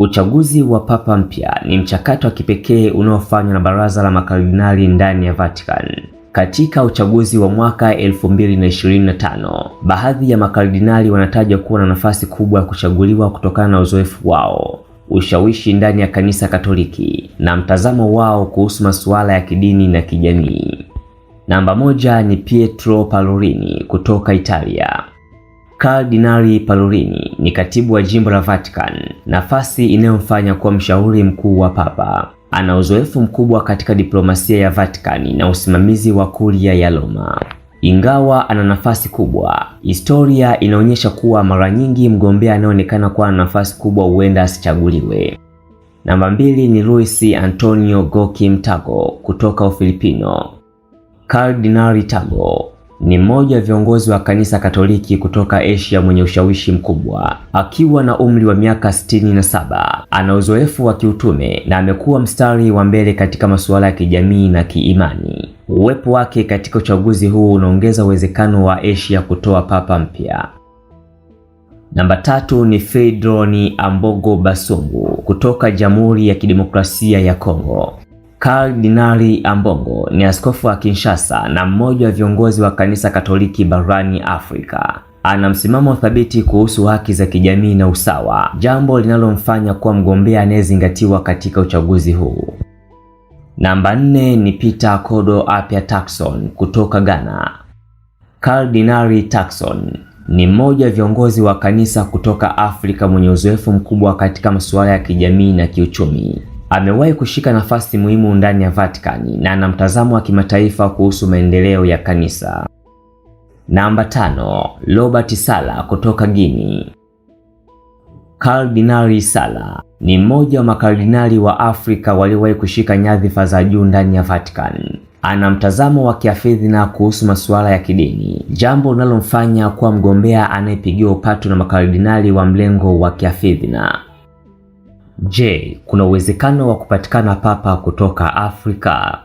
Uchaguzi wa papa mpya ni mchakato wa kipekee unaofanywa na baraza la makardinali ndani ya Vatican. Katika uchaguzi wa mwaka 2025, baadhi ya makardinali wanatajwa kuwa na nafasi kubwa ya kuchaguliwa kutokana na uzoefu wao, ushawishi ndani ya kanisa Katoliki na mtazamo wao kuhusu masuala ya kidini na kijamii. Namba moja ni Pietro Parolin kutoka Italia. Kardinali palorini ni katibu wa jimbo la Vatican, nafasi inayomfanya kuwa mshauri mkuu wa Papa. Ana uzoefu mkubwa katika diplomasia ya Vatican na usimamizi wa Kuria ya Roma. Ingawa ana nafasi kubwa, historia inaonyesha kuwa mara nyingi mgombea anayeonekana kuwa na nafasi kubwa huenda asichaguliwe. Namba mbili ni Luis Antonio Gokim Tagle kutoka Ufilipino. Kardinali Tagle ni mmoja wa viongozi wa kanisa Katoliki kutoka Asia mwenye ushawishi mkubwa. Akiwa na umri wa miaka 67, ana uzoefu wa kiutume na amekuwa mstari wa mbele katika masuala ya kijamii na kiimani. Uwepo wake katika uchaguzi huu unaongeza uwezekano wa Asia kutoa papa mpya. Namba tatu ni fedroni Ambogo Basungu kutoka Jamhuri ya Kidemokrasia ya Kongo. Kardinali Ambongo ni askofu wa Kinshasa na mmoja wa viongozi wa kanisa Katoliki barani Afrika. Ana msimamo thabiti kuhusu haki za kijamii na usawa, jambo linalomfanya kuwa mgombea anayezingatiwa katika uchaguzi huu. Namba nne ni Peter Kodo Apia Turkson kutoka Ghana. Kardinali Turkson ni mmoja wa viongozi wa kanisa kutoka Afrika mwenye uzoefu mkubwa katika masuala ya kijamii na kiuchumi. Amewahi kushika nafasi muhimu ndani ya Vatikani na ana mtazamo wa kimataifa kuhusu maendeleo ya kanisa. Namba tano, Robert Sala kutoka Guinea. Kardinali Sala ni mmoja wa makardinali wa Afrika waliowahi kushika nyadhifa za juu ndani ya Vatican. Ana mtazamo wa na kuhusu masuala ya kidini, jambo linalomfanya kuwa mgombea anayepigiwa upatu na makardinali wa mlengo wa kiafidhina. Je, kuna uwezekano wa kupatikana papa kutoka Afrika?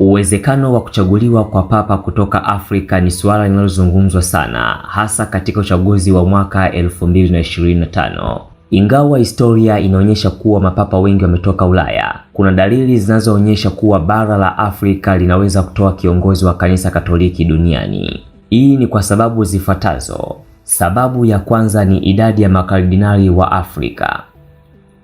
Uwezekano wa kuchaguliwa kwa papa kutoka Afrika ni suala linalozungumzwa sana, hasa katika uchaguzi wa mwaka 2025. Ingawa historia inaonyesha kuwa mapapa wengi wametoka Ulaya, kuna dalili zinazoonyesha kuwa bara la Afrika linaweza kutoa kiongozi wa kanisa Katoliki duniani. Hii ni kwa sababu zifuatazo. Sababu ya kwanza ni idadi ya makardinali wa Afrika.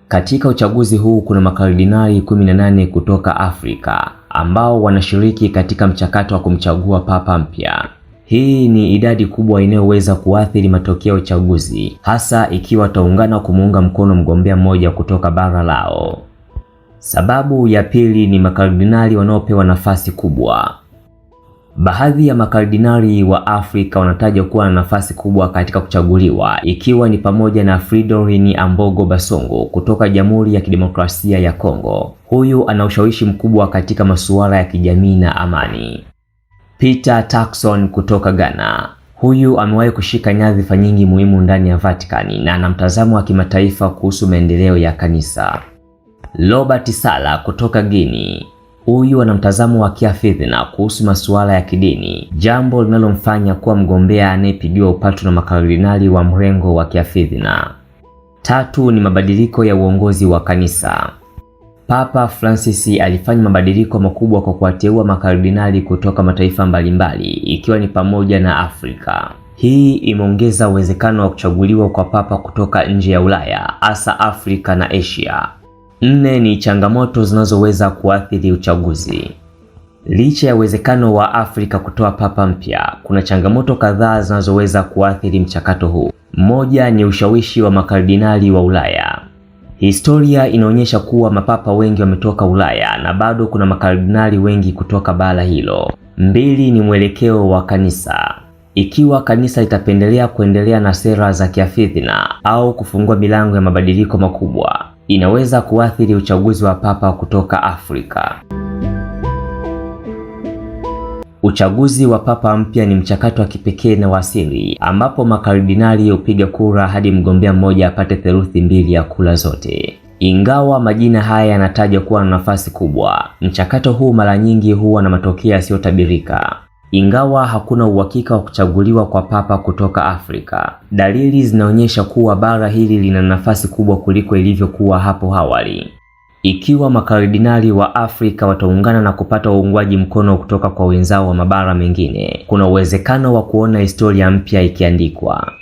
Katika uchaguzi huu kuna makardinali 18 kutoka Afrika ambao wanashiriki katika mchakato wa kumchagua papa mpya. Hii ni idadi kubwa inayoweza kuathiri matokeo ya uchaguzi, hasa ikiwa wataungana kumuunga mkono mgombea mmoja kutoka bara lao. Sababu ya pili ni makardinali wanaopewa nafasi kubwa. Baadhi ya makardinali wa Afrika wanatajwa kuwa na nafasi kubwa katika kuchaguliwa ikiwa ni pamoja na Fridolin Ambogo Basongo kutoka Jamhuri ya Kidemokrasia ya Kongo. Huyu ana ushawishi mkubwa katika masuala ya kijamii na amani. Peter Turkson kutoka Ghana. Huyu amewahi kushika nyadhifa nyingi muhimu ndani ya Vatican na ana mtazamo wa kimataifa kuhusu maendeleo ya kanisa. Robert Sala kutoka Guinea. Huyu ana mtazamo wa na kuhusu masuala ya kidini, jambo linalomfanya kuwa mgombea anayepigiwa upatu na makardinali wa mrengo wa Na Tatu ni mabadiliko ya uongozi wa kanisa. Papa Francis alifanya mabadiliko makubwa kwa kuwateua makardinali kutoka mataifa mbalimbali ikiwa ni pamoja na Afrika. Hii imeongeza uwezekano wa kuchaguliwa kwa papa kutoka nje ya Ulaya, hasa Afrika na Asia. Nne ni changamoto zinazoweza kuathiri uchaguzi. Licha ya uwezekano wa Afrika kutoa papa mpya, kuna changamoto kadhaa zinazoweza kuathiri mchakato huu. Moja ni ushawishi wa makardinali wa Ulaya. Historia inaonyesha kuwa mapapa wengi wametoka Ulaya na bado kuna makardinali wengi kutoka bara hilo. Mbili ni mwelekeo wa kanisa. Ikiwa kanisa litapendelea kuendelea na sera za kiafidhina au kufungua milango ya mabadiliko makubwa, inaweza kuathiri uchaguzi wa papa kutoka Afrika. Uchaguzi wa papa mpya ni mchakato wa kipekee na wasili ambapo makardinali hupiga kura hadi mgombea mmoja apate theluthi mbili ya kura zote. Ingawa majina haya yanatajwa kuwa na nafasi kubwa, mchakato huu mara nyingi huwa na matokeo yasiyotabirika. Ingawa hakuna uhakika wa kuchaguliwa kwa papa kutoka Afrika, dalili zinaonyesha kuwa bara hili lina nafasi kubwa kuliko ilivyokuwa hapo awali. Ikiwa makardinali wa Afrika wataungana na kupata uungwaji mkono kutoka kwa wenzao wa mabara mengine, kuna uwezekano wa kuona historia mpya ikiandikwa.